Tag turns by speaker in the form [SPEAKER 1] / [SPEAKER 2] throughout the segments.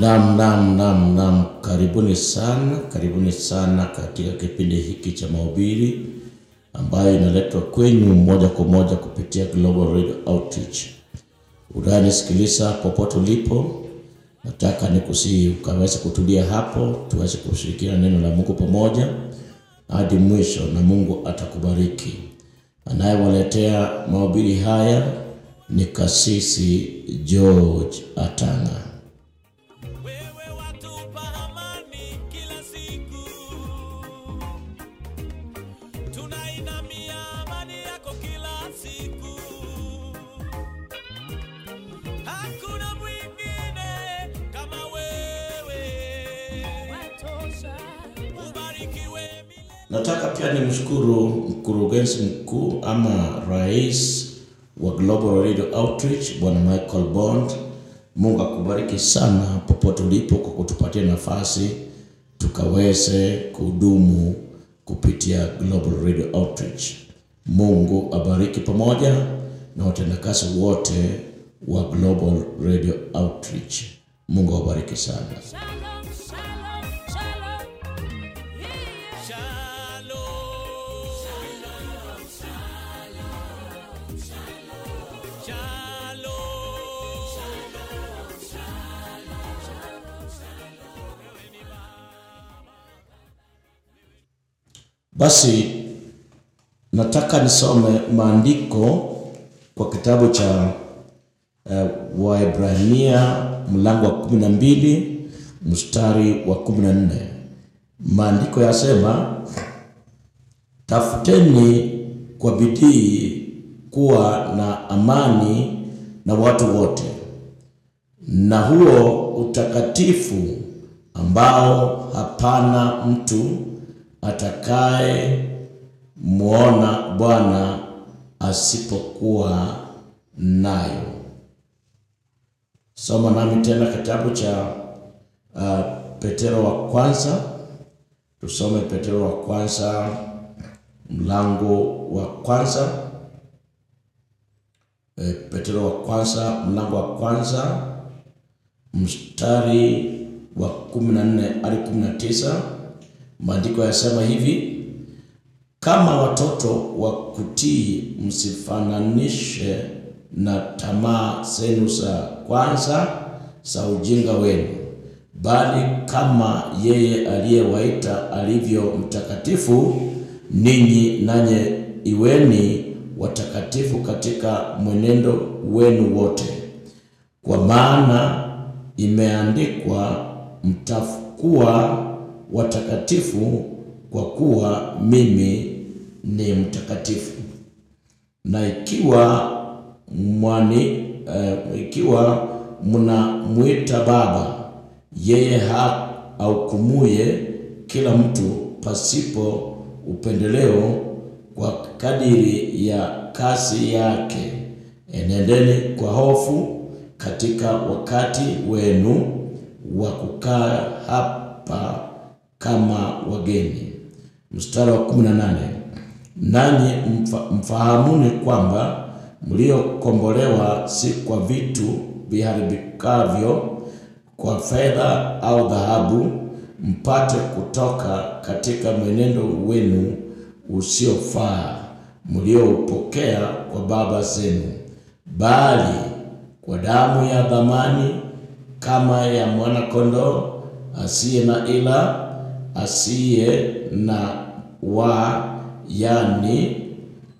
[SPEAKER 1] Nam, nam, nam, nam. karibuni sana, karibuni sana katika kipindi hiki cha mahubiri ambayo inaletwa kwenyu moja kwa moja kupitia Global Radio Outreach. Unanisikiliza popote ulipo, nataka nikusihi ukaweze kutulia hapo, tuweze kushirikiana neno la Mungu pamoja hadi mwisho, na Mungu atakubariki. Anayewaletea mahubiri haya ni Kasisi George Atanga. pia ni mshukuru mkurugenzi mkuu ama rais wa Global Radio Outreach Bwana Michael Bond. Mungu akubariki sana popote ulipo kwa kutupatia nafasi tukaweze kudumu kupitia Global Radio Outreach. Mungu abariki pamoja na watendakazi wote wa Global Radio Outreach. Mungu awabariki sana. Basi nataka nisome maandiko kwa kitabu cha uh, Waebrania mlango wa kumi na mbili mstari wa kumi na nne. Maandiko yasema, tafuteni kwa bidii kuwa na amani na watu wote na huo utakatifu ambao hapana mtu atakaye mwona Bwana asipokuwa nayo. Soma nami tena kitabu cha uh, Petero wa kwanza, tusome Petero wa kwanza mlango wa kwanza e, Petero wa kwanza mlango wa kwanza mstari wa kumi na nne hadi kumi na tisa Maandiko yasema hivi, kama watoto wa kutii, msifananishe na tamaa zenu za kwanza za ujinga wenu, bali kama yeye aliyewaita alivyo mtakatifu, ninyi nanye iweni watakatifu katika mwenendo wenu wote, kwa maana imeandikwa, mtakuwa watakatifu, kwa kuwa mimi ni mtakatifu. Na ikiwa mwani uh, ikiwa mnamwita Baba yeye ahukumuye kila mtu pasipo upendeleo kwa kadiri ya kasi yake, enendeni kwa hofu katika wakati wenu wa kukaa hapa kama wageni. Mstari wa 18, nanyi mfa, mfahamuni kwamba mliokombolewa si kwa vitu viharibikavyo, kwa fedha au dhahabu, mpate kutoka katika mwenendo wenu usiofaa mlioupokea kwa baba zenu, bali kwa damu ya dhamani kama ya kondoo asiye na ila asiye na wa, yani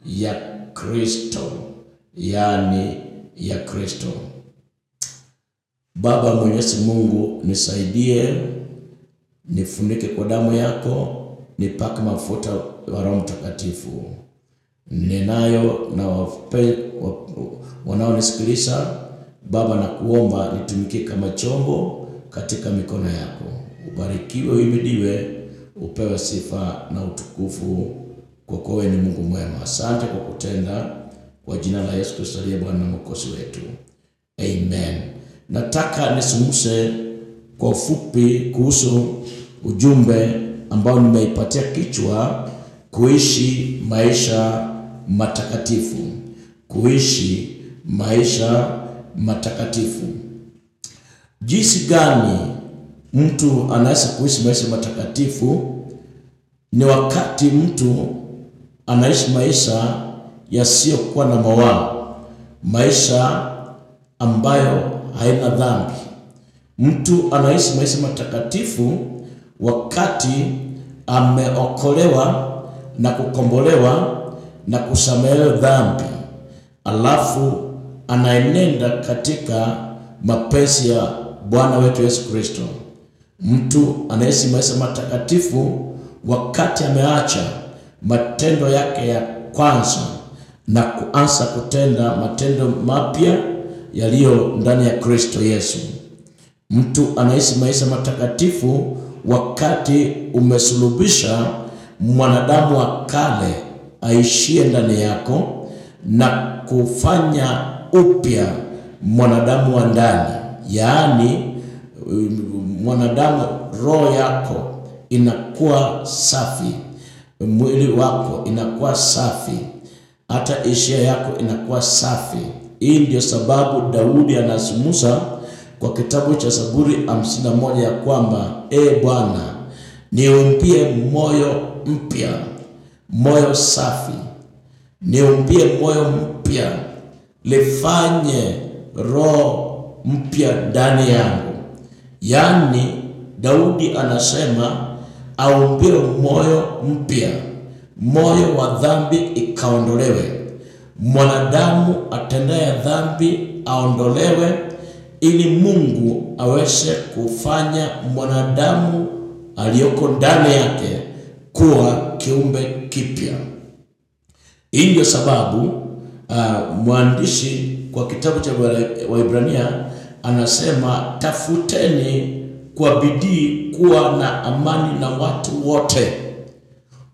[SPEAKER 1] ya Kristo, yani ya Kristo. Baba Mwenyezi Mungu, nisaidie, nifunike kwa damu yako, nipake mafuta wa Roho Mtakatifu ninayo na wanaonisikiliza Baba, na kuomba nitumikie kama chombo katika mikono yako ubarikiwe, uimidiwe, upewe sifa na utukufu, kwa kuwa wewe ni Mungu mwema. Asante kwa kutenda, kwa jina la Yesu Kristo aliye Bwana na Mwokozi wetu, amen. Nataka nisumuse kwa ufupi kuhusu ujumbe ambao nimeipatia kichwa kuishi maisha matakatifu, kuishi maisha matakatifu. Jinsi gani mtu anaishi kuishi maisha matakatifu ni wakati mtu anaishi maisha yasiyokuwa na mawaa, maisha ambayo haina dhambi. Mtu anaishi maisha matakatifu wakati ameokolewa na kukombolewa na kusamehewa dhambi, alafu anaenenda katika mapenzi ya Bwana wetu Yesu Kristo. Mtu anaishi maisha matakatifu wakati ameacha matendo yake ya kwanza na kuanza kutenda matendo mapya yaliyo ndani ya Kristo Yesu. Mtu anaishi maisha matakatifu wakati umesulubisha mwanadamu wa kale aishie ndani yako na kufanya upya mwanadamu wa ndani, yaani mwanadamu, roho yako inakuwa safi, mwili wako inakuwa safi, hata ishia yako inakuwa safi. Hii ndio sababu Daudi anazungumza kwa kitabu cha Zaburi 51 ya kwamba e Bwana, niumbie moyo mpya, moyo safi, niumbie moyo mpya, lifanye roho mpya ndani yangu Yaani Daudi anasema aumbiwe moyo mpya, moyo wa dhambi ikaondolewe, mwanadamu atendaye dhambi aondolewe, ili Mungu aweze kufanya mwanadamu aliyoko ndani yake kuwa kiumbe kipya. Hii ndio sababu uh, mwandishi kwa kitabu cha Waibrania anasema tafuteni kwa bidii kuwa na amani na watu wote.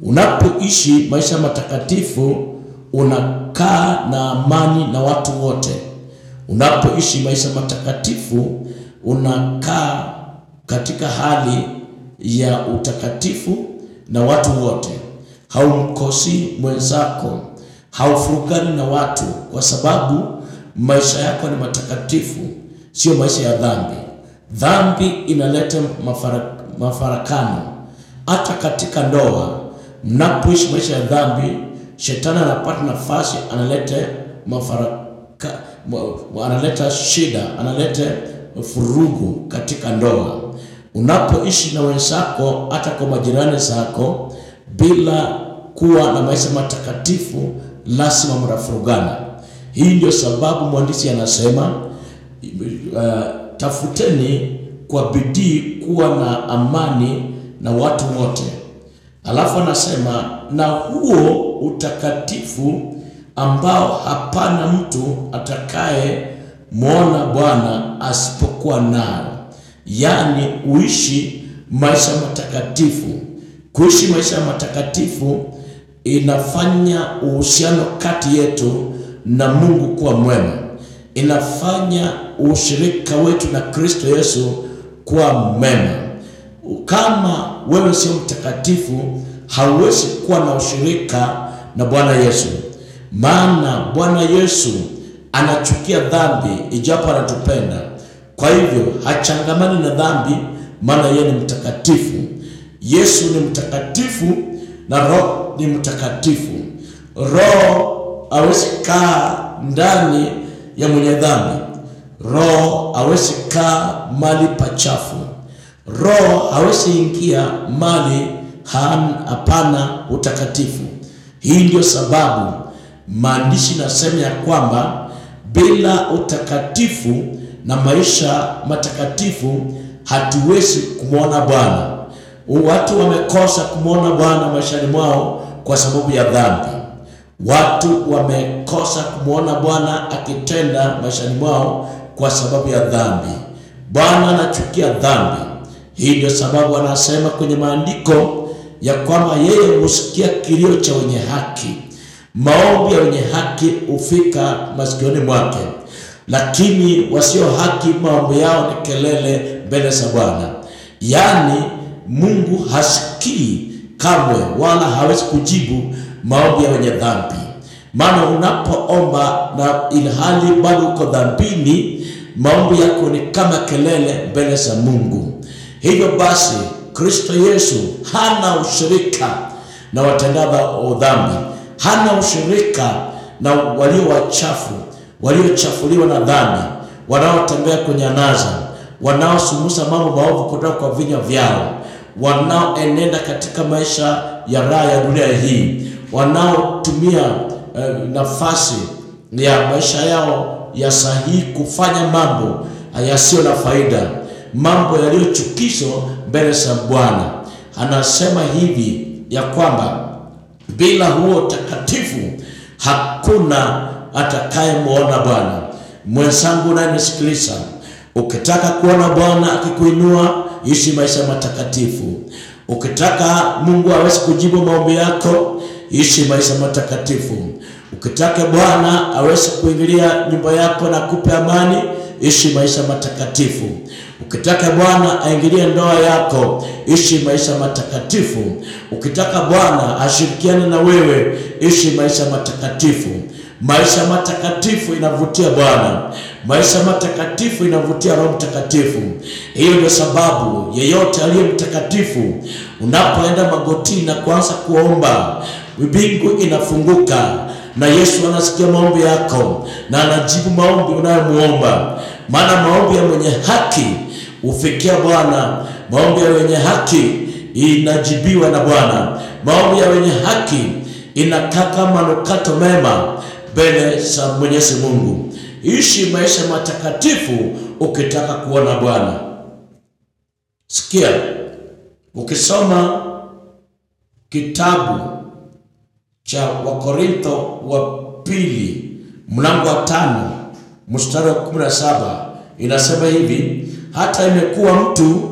[SPEAKER 1] Unapoishi maisha matakatifu unakaa na amani na watu wote. Unapoishi maisha matakatifu unakaa katika hali ya utakatifu na watu wote. Haumkosi mwenzako, haufurugani na watu, kwa sababu maisha yako ni matakatifu sio maisha ya dhambi. Dhambi inaleta mafarakano hata katika ndoa. Mnapoishi maisha ya dhambi, shetani anapata nafasi, analeta mafaraka, analeta shida, analeta furugu katika ndoa. Unapoishi na wenzako, hata kwa majirani zako, bila kuwa na maisha matakatifu, lazima mtafurugana. Hii ndio sababu mwandishi anasema uh, tafuteni kwa bidii kuwa na amani na watu wote. Alafu anasema na huo utakatifu ambao hapana mtu atakaye mwona Bwana asipokuwa nao, yaani uishi maisha matakatifu. Kuishi maisha matakatifu inafanya uhusiano kati yetu na Mungu kuwa mwema inafanya ushirika wetu na Kristo Yesu kuwa mema. Kama wewe sio mtakatifu, hauwezi kuwa na ushirika na Bwana Yesu, maana Bwana Yesu anachukia dhambi, ijapo anatupenda. Kwa hivyo hachangamani na dhambi, maana yeye ni mtakatifu. Yesu ni mtakatifu na Roho ni mtakatifu. Roho hawezi kaa ndani ya mwenye dhambi. Roho hawezi kaa mali pachafu, roho hawezi ingia mali hapana utakatifu. Hii ndio sababu maandishi nasema ya kwamba bila utakatifu na maisha matakatifu hatuwezi kumwona Bwana. Watu wamekosa kumwona Bwana maishani mwao kwa sababu ya dhambi. Watu wamekosa kumwona Bwana akitenda maishani mwao kwa sababu ya dhambi. Bwana anachukia dhambi. Hii ndio sababu anasema kwenye maandiko ya kwamba yeye husikia kilio cha wenye haki, maombi ya wenye haki hufika masikioni mwake, lakini wasio haki maombi yao ni kelele mbele za Bwana. Yaani Mungu hasikii kamwe, wala hawezi kujibu maombi ya wenye dhambi. Maana unapoomba na ilhali bado uko dhambini, maombi yako ni kama kelele mbele za Mungu. Hivyo basi, Kristo Yesu hana ushirika na watenda dhambi, hana ushirika na walio wachafu, waliochafuliwa na dhambi, wanaotembea kwenye anaza, wanaosumusa mambo maovu kutoka kwa vinywa vyao, wanaoenenda katika maisha ya raha ya dunia hii wanaotumia uh, nafasi ya maisha yao ya sahihi kufanya mambo yasiyo na faida, mambo yaliyochukizo mbele za Bwana. Anasema hivi ya kwamba bila huo takatifu hakuna atakayemwona Bwana. Mwenzangu unayenisikiliza, ukitaka kuona Bwana akikuinua, ishi maisha matakatifu. Ukitaka Mungu aweze kujibu maombi yako ishi maisha matakatifu. Ukitaka Bwana aweze kuingilia nyumba yako na kupe amani, ishi maisha matakatifu. Ukitaka Bwana aingilie ndoa yako, ishi maisha matakatifu. Ukitaka Bwana ashirikiane na wewe, ishi maisha matakatifu. Maisha matakatifu inavutia Bwana, maisha matakatifu inavutia Roho Mtakatifu. Hiyo ndio sababu yeyote aliye mtakatifu, unapoenda magotini na kuanza kuomba, mbingu inafunguka na Yesu anasikia maombi yako na anajibu maombi unayomuomba, maana maombi ya mwenye haki hufikia Bwana, maombi ya wenye haki inajibiwa na Bwana, maombi ya wenye haki inakaa kama manukato mema mbele za Mwenyezi Mungu. Ishi maisha matakatifu ukitaka kuona Bwana. Sikia, ukisoma kitabu cha Wakorintho wa pili mlango wa tano mstari wa kumi na saba inasema hivi, hata imekuwa mtu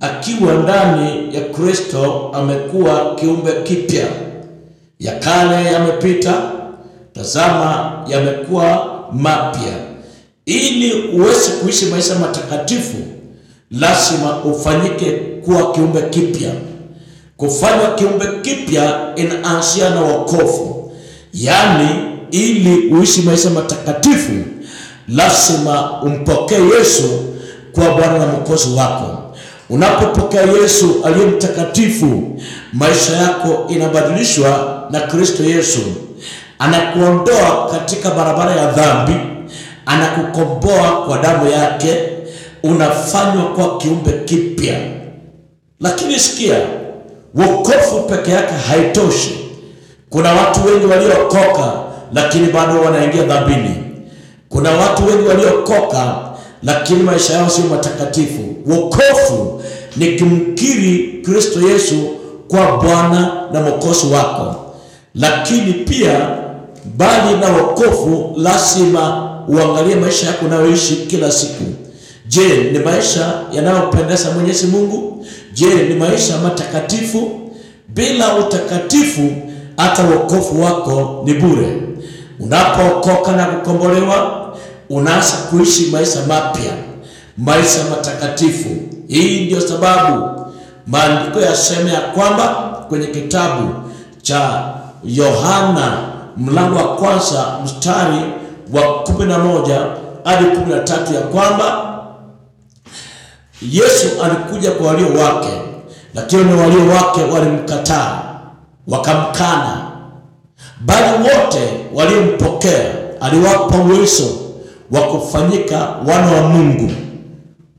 [SPEAKER 1] akiwa ndani ya Kristo amekuwa kiumbe kipya, ya kale yamepita Tazama, yamekuwa mapya. Ili uweze kuishi maisha matakatifu, lazima ufanyike kuwa kiumbe kipya. Kufanywa kiumbe kipya inaanzia na wokovu, yaani ili uishi maisha matakatifu lazima umpokee Yesu kwa Bwana na Mwokozi wako. Unapopokea Yesu aliye mtakatifu, maisha yako inabadilishwa na Kristo Yesu anakuondoa katika barabara ya dhambi, anakukomboa kwa damu yake, unafanywa kwa kiumbe kipya. Lakini sikia, wokovu peke yake haitoshi. Kuna watu wengi waliokoka, lakini bado wanaingia dhambini. Kuna watu wengi waliokoka, lakini maisha yao sio matakatifu. Wokovu ni kumkiri Kristo Yesu kwa Bwana na Mwokozi wako, lakini pia bali na wokovu, lazima uangalie maisha yako unayoishi kila siku. Je, ni maisha yanayompendeza Mwenyezi Mungu? Je, ni maisha matakatifu? Bila utakatifu hata wokovu wako ni bure. Unapookoka na kukombolewa, unaanza kuishi maisha mapya, maisha matakatifu. Hii ndio sababu maandiko yasema ya kwamba kwenye kitabu cha Yohana mlango wa kwanza mstari wa 11 hadi 13 ya kwamba Yesu alikuja kwa walio wake, lakini walio wake walimkataa, wakamkana, bali wote waliompokea aliwapa uwezo wa kufanyika wana wa Mungu.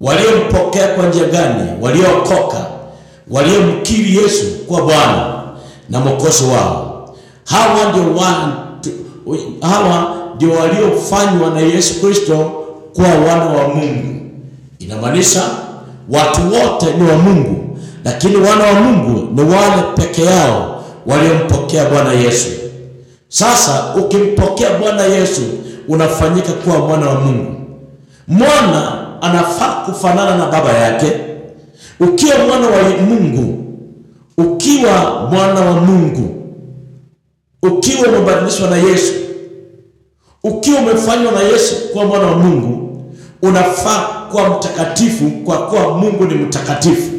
[SPEAKER 1] Waliompokea kwa njia gani? Waliookoka, waliomkiri Yesu kwa Bwana na Mwokozi wao. Hawa ndio hawa ndio waliofanywa na Yesu Kristo kuwa wana wa Mungu. Inamaanisha watu wote ni wa Mungu, lakini wana wa Mungu ni wale peke yao waliompokea Bwana Yesu. Sasa ukimpokea Bwana Yesu unafanyika kuwa mwana wa Mungu. Mwana anafaa kufanana na baba yake. Ukiwa mwana wa Mungu, ukiwa mwana wa Mungu ukiwa umebadilishwa na Yesu, ukiwa umefanywa na Yesu kuwa mwana wa Mungu, unafaa kuwa mtakatifu, kwa kuwa Mungu ni mtakatifu.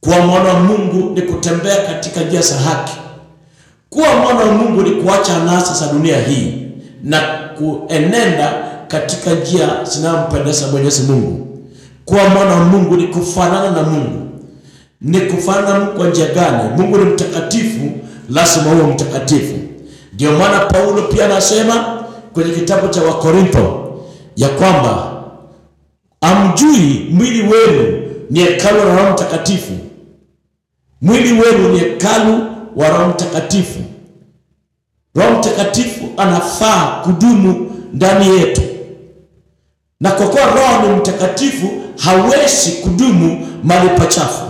[SPEAKER 1] Kuwa mwana wa Mungu ni kutembea katika njia za haki. Kuwa mwana wa Mungu ni kuacha anasa za dunia hii na kuenenda katika njia zinazompendeza Mwenyezi Mungu. Kuwa mwana wa Mungu ni kufanana na Mungu. Ni kufanana na Mungu kwa njia gani? Mungu ni mtakatifu lazima huo mtakatifu. Ndio maana Paulo pia anasema kwenye kitabu cha Wakorintho ya kwamba amjui mwili wenu ni hekalu la Roho Mtakatifu. Mwili wenu ni hekalu wa Roho Mtakatifu. Roho Mtakatifu anafaa kudumu ndani yetu, na kwa kuwa Roho ni mtakatifu, hawezi kudumu mahali pachafu,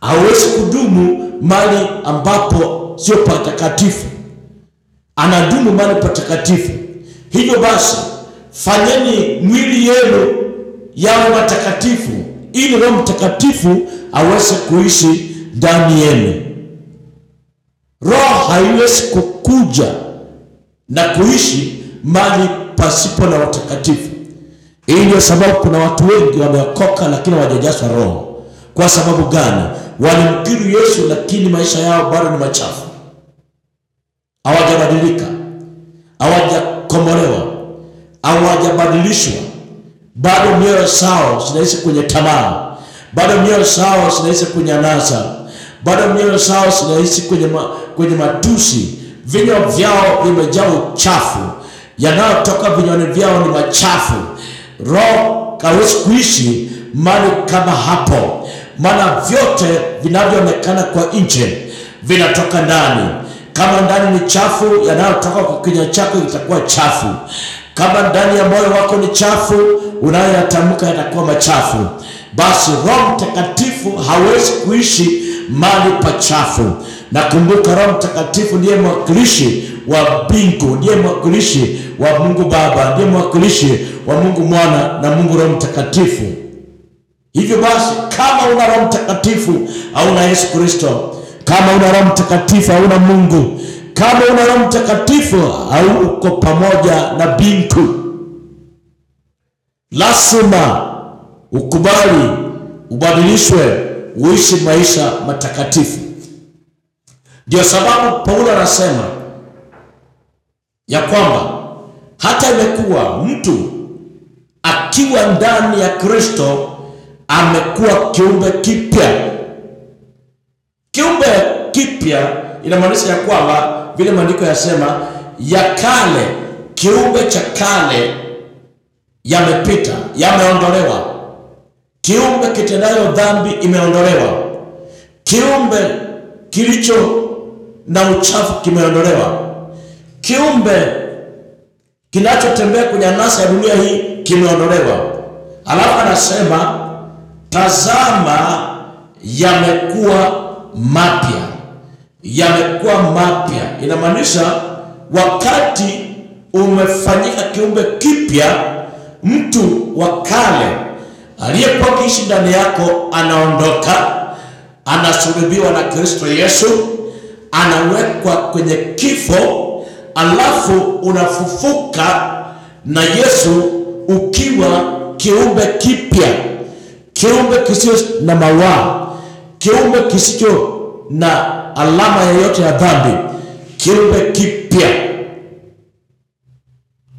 [SPEAKER 1] hawezi kudumu mali ambapo sio patakatifu, anadumu mali patakatifu. Hivyo basi, fanyeni mwili yenu yawe matakatifu, ili Roho Mtakatifu aweze kuishi ndani yenu. Roho haiwezi kukuja na kuishi mali pasipo na watakatifu. Hii ndio sababu kuna watu wengi wameokoka, lakini hawajajazwa Roho. Kwa sababu gani? walimkiri Yesu, lakini maisha yao bado ni machafu, hawajabadilika, hawajakombolewa, hawajabadilishwa. Bado mioyo zao zinaishi kwenye tamaa, bado mioyo zao zinaishi kwenye anasa, bado mioyo zao zinaishi kwenye, ma, kwenye matusi. Vinywa vyao vimejaa uchafu, yanayotoka vinywani vyao ni machafu. Roho hawezi kuishi mali kama hapo maana vyote vinavyoonekana kwa nje vinatoka ndani. Kama ndani ni chafu, yanayotoka kwa kinywa chako itakuwa chafu. Kama ndani ya moyo wako ni chafu, unayoyatamka yatakuwa machafu. Basi Roho Mtakatifu hawezi kuishi mali pa chafu Nakumbuka Roho Mtakatifu ndiye mwakilishi wa mbingu, ndiye mwakilishi wa Mungu Baba, ndiye mwakilishi wa Mungu Mwana na Mungu Roho Mtakatifu. Hivyo basi kama una Roho Mtakatifu hauna Yesu Kristo, kama una Roho Mtakatifu hauna Mungu, kama una Roho Mtakatifu hauko pamoja na Bintu, Lazima ukubali, ubadilishwe, uishi maisha matakatifu. Ndio sababu Paulo anasema ya kwamba hata imekuwa mtu akiwa ndani ya Kristo amekuwa kiumbe kipya. Kiumbe kipya inamaanisha ya kwamba vile maandiko yasema, ya kale, kiumbe cha kale yamepita, yameondolewa. Kiumbe kitendayo dhambi imeondolewa. Kiumbe kilicho na uchafu kimeondolewa. Kiumbe kinachotembea kwenye nasa ya dunia hii kimeondolewa. Alafu anasema tazama, yamekuwa mapya, yamekuwa mapya. Inamaanisha wakati umefanyika kiumbe kipya, mtu wa kale aliyekuwa kiishi ndani yako anaondoka, anasulubiwa na Kristo Yesu, anawekwa kwenye kifo, alafu unafufuka na Yesu ukiwa kiumbe kipya kiumbe kisicho na mawaa, kiumbe kisicho na alama yoyote ya dhambi, kiumbe kipya.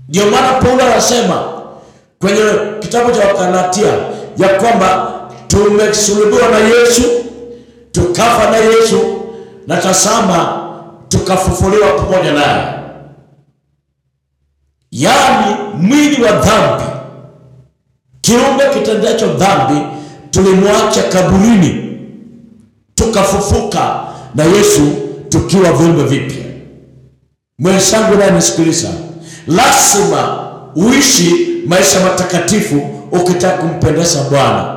[SPEAKER 1] Ndio maana Paulo anasema kwenye kitabu cha Wakalatia ya kwamba tumesulubiwa na Yesu, tukafa na Yesu, na tazama tukafufuliwa pamoja naye, yaani mwili wa dhambi Kiumbe kitendacho dhambi tulimwacha kaburini, tukafufuka na Yesu tukiwa viumbe vipya. Mwenzangu naye nisikiliza, lazima uishi maisha matakatifu ukitaka kumpendeza Bwana.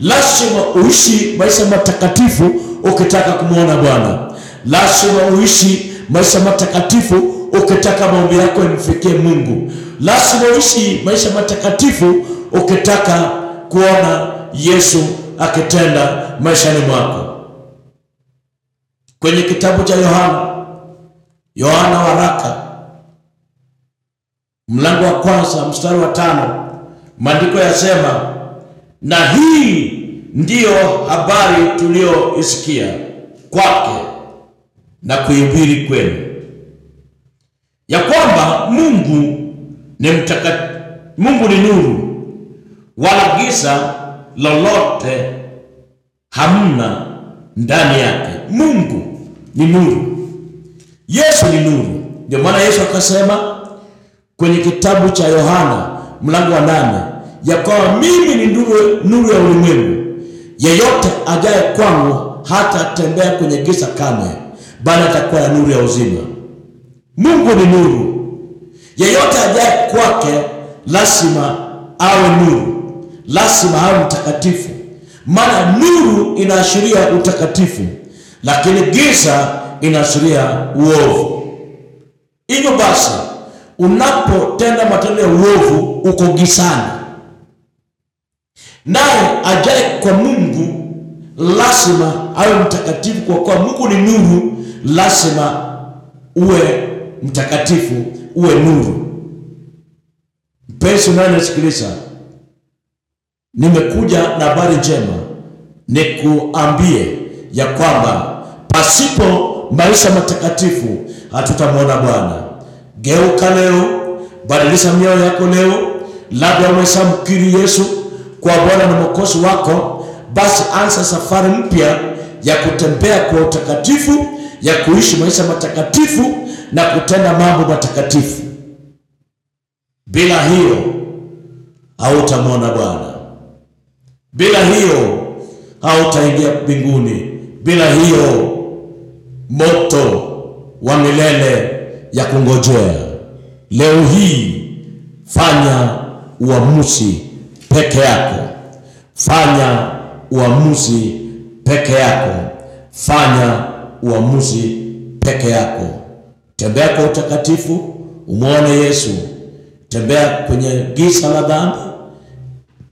[SPEAKER 1] Lazima uishi maisha matakatifu ukitaka kumwona Bwana. Lazima uishi maisha matakatifu ukitaka maombi yako imfikie Mungu. Lazima uishi maisha matakatifu ukitaka kuona Yesu akitenda maishani mwako. Kwenye kitabu cha Yohana, Yohana waraka mlango wa kwanza mstari wa tano maandiko yasema, na hii ndiyo habari tuliyoisikia kwake na kuhubiri kwenu ya kwamba Mungu ni mtakatifu, Mungu ni nuru wala giza lolote hamna ndani yake. Mungu ni nuru, Yesu ni nuru. Ndio maana Yesu akasema kwenye kitabu cha Yohana mlango wa nane ya kwamba mimi ni nuru, nuru ya ulimwengu. Yeyote ajaye kwangu hata atembea kwenye giza kame, bali atakuwa na nuru ya uzima. Mungu ni nuru, yeyote ajaye kwake lazima awe nuru lazima awe mtakatifu, maana nuru inaashiria utakatifu, lakini giza inaashiria uovu. Hivyo basi, unapotenda matendo ya uovu uko gizani, naye ajae kwa Mungu lazima awe mtakatifu, kwa kuwa Mungu ni nuru. Lazima uwe mtakatifu, uwe nuru. Mpenzi unanisikiliza Nimekuja na habari njema nikuambie ya kwamba pasipo maisha matakatifu hatutamwona Bwana. Geuka leo, badilisha mioyo yako leo. Labda umeshamkiri Yesu kwa Bwana na mwokozi wako, basi anza safari mpya ya kutembea kwa utakatifu, ya kuishi maisha matakatifu na kutenda mambo matakatifu. Bila hiyo hautamwona Bwana. Bila hiyo hautaingia mbinguni, bila hiyo moto wa milele ya kungojea. Leo hii fanya uamuzi peke yako, fanya uamuzi peke yako, fanya uamuzi peke yako. Tembea kwa utakatifu, umwone Yesu. Tembea kwenye giza la dhambi,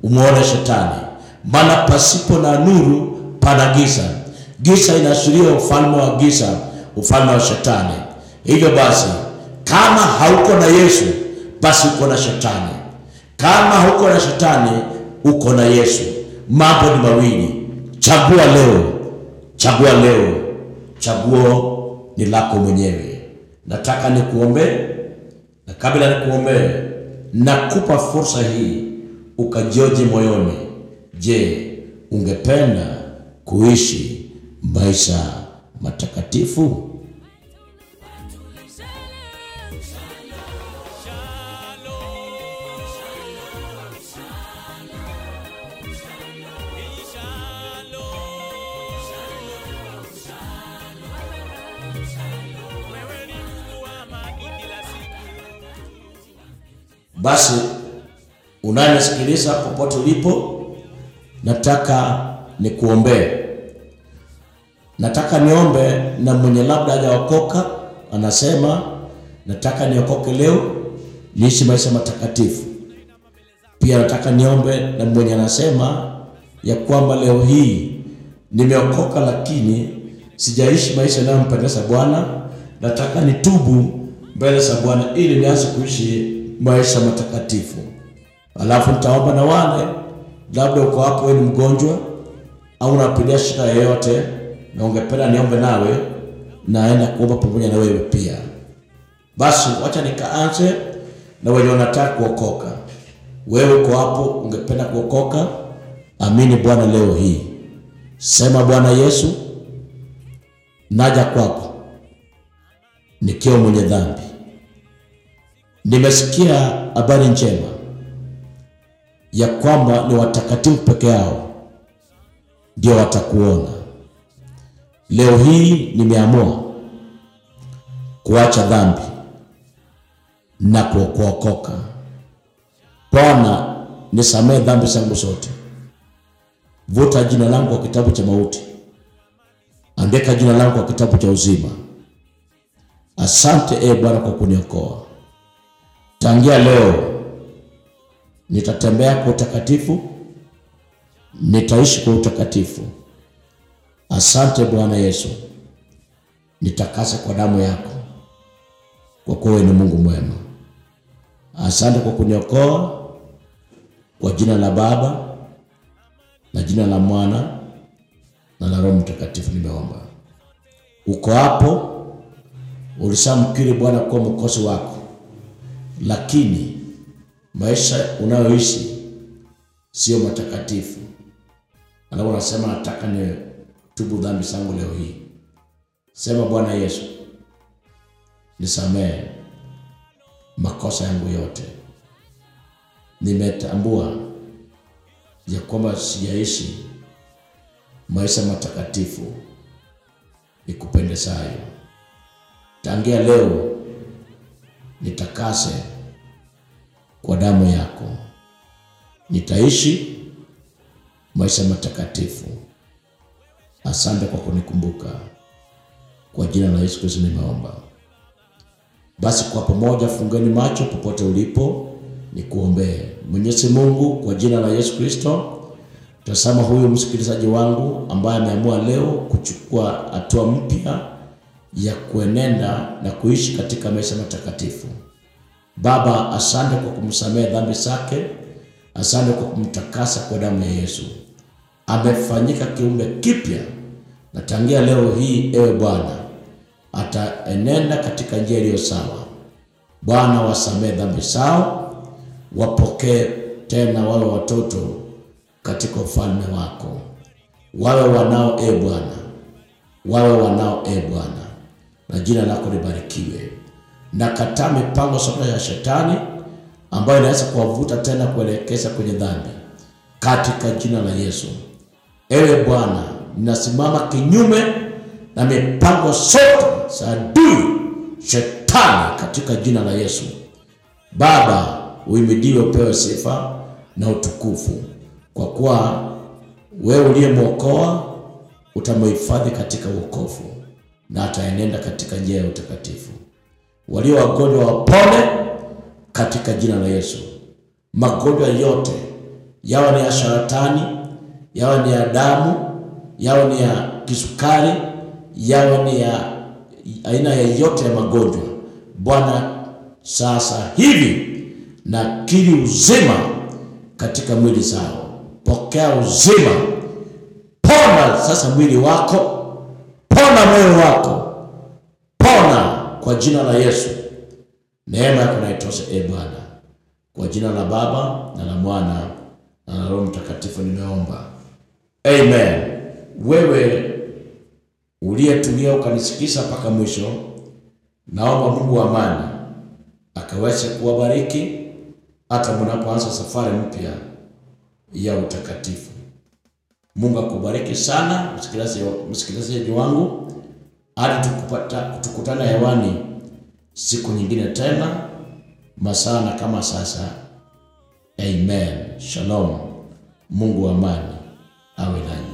[SPEAKER 1] umwone Shetani maana pasipo na nuru pana giza. Giza inaashiria ufalme wa giza, ufalme wa shetani. Hivyo basi, kama hauko na Yesu basi uko na shetani. Kama hauko na shetani uko na Yesu. Mambo ni mawili, chagua leo, chagua leo. Chaguo ni lako mwenyewe. Nataka nikuombee, na kabla nikuombee, nakupa fursa hii ukajioji moyoni Je, ungependa kuishi maisha matakatifu? Basi unanisikiliza popote ulipo nataka nikuombee. Nataka niombe na mwenye labda hajaokoka anasema, nataka niokoke leo, niishi maisha matakatifu. Pia nataka niombe na mwenye anasema ya kwamba leo hii nimeokoka, lakini sijaishi maisha yanayompendeza Bwana, nataka nitubu mbele za Bwana ili nianze kuishi maisha matakatifu. Alafu nitaomba na wale labda uko hapo, wewe ni mgonjwa au unapitia shida yoyote na ungependa niombe nawe, naenda kuomba pamoja na wewe pia. Basi wacha nikaanze na wenye wanataka kuokoka. Wewe uko hapo, ungependa kuokoka? Amini Bwana leo hii, sema Bwana Yesu, naja kwako nikiwa mwenye dhambi, nimesikia habari njema ya kwamba ni watakatifu peke yao ndio watakuona. Leo hii nimeamua kuacha dhambi na kuokoka. Bwana nisamehe dhambi zangu zote, vuta jina langu kwa kitabu cha mauti, andika jina langu kwa kitabu cha uzima. Asante ee Bwana kwa kuniokoa tangia leo Nitatembea kwa utakatifu, nitaishi kwa utakatifu. Asante Bwana Yesu, nitakasa kwa damu yako, kwa kuwa ni Mungu mwema. Asante kwa kuniokoa kwa jina la Baba na jina la Mwana na la Roho Mtakatifu. Nimeomba uko hapo, ulisamkiri Bwana kuwa mkosi wako, lakini maisha unayoishi sio matakatifu. Alafu anasema nataka ni tubu dhambi zangu leo hii. Sema Bwana Yesu, nisamehe makosa yangu yote. Nimetambua ya kwamba sijaishi maisha matakatifu ikupendezayo. Tangia leo nitakase kwa damu yako nitaishi maisha matakatifu. Asante kwa kunikumbuka. Kwa jina la Yesu Kristo nimeomba. Basi kwa pamoja fungeni macho popote ulipo, nikuombee. Mwenyezi Mungu, kwa jina la Yesu Kristo, tazama huyu msikilizaji wangu ambaye ameamua leo kuchukua hatua mpya ya kuenenda na kuishi katika maisha matakatifu. Baba, asante kwa kumsamehe dhambi zake, asante kwa kumtakasa kwa damu ya Yesu. Amefanyika kiumbe kipya, na tangia leo hii, ewe Bwana, ataenenda katika njia iliyo sawa. Bwana, wasamehe dhambi zao, wapokee tena wawe watoto katika ufalme wako, wawe wanao, e Bwana, wawe wanao, e Bwana, na jina lako libarikiwe. Nakataa mipango sokra ya shetani ambayo inaweza kuwavuta tena kuelekeza kwenye dhambi katika jina la Yesu. Ewe Bwana, ninasimama kinyume na mipango sote za adui shetani katika jina la Yesu. Baba, uhimidiwe, upewe sifa na utukufu, kwa kuwa wewe uliyemwokoa utamhifadhi katika wokovu na ataenenda katika njia ya utakatifu walio wagonjwa wapone katika jina la Yesu. Magonjwa yote yawe ni ya sharatani yawe ni ya damu, yawe ni ya kisukari, yawe ni ya aina yeyote ya, ya magonjwa, Bwana sasa hivi na kili uzima katika mwili zao, pokea uzima, pona sasa mwili wako,
[SPEAKER 2] pona moyo wako,
[SPEAKER 1] pona kwa jina la Yesu. Neema yako e Bwana. Kwa jina la Baba na la Mwana na la Roho Mtakatifu nimeomba, amen. Wewe uliyetumia ukanisikisa mpaka mwisho, naomba Mungu wa amani akaweze kuwabariki hata mnapoanza safari mpya ya utakatifu. Mungu akubariki sana msikilizaji wangu hadi tukupata tukutana hewani siku nyingine tena masana kama sasa. Amen. Shalom. Mungu wa amani awe nanyi.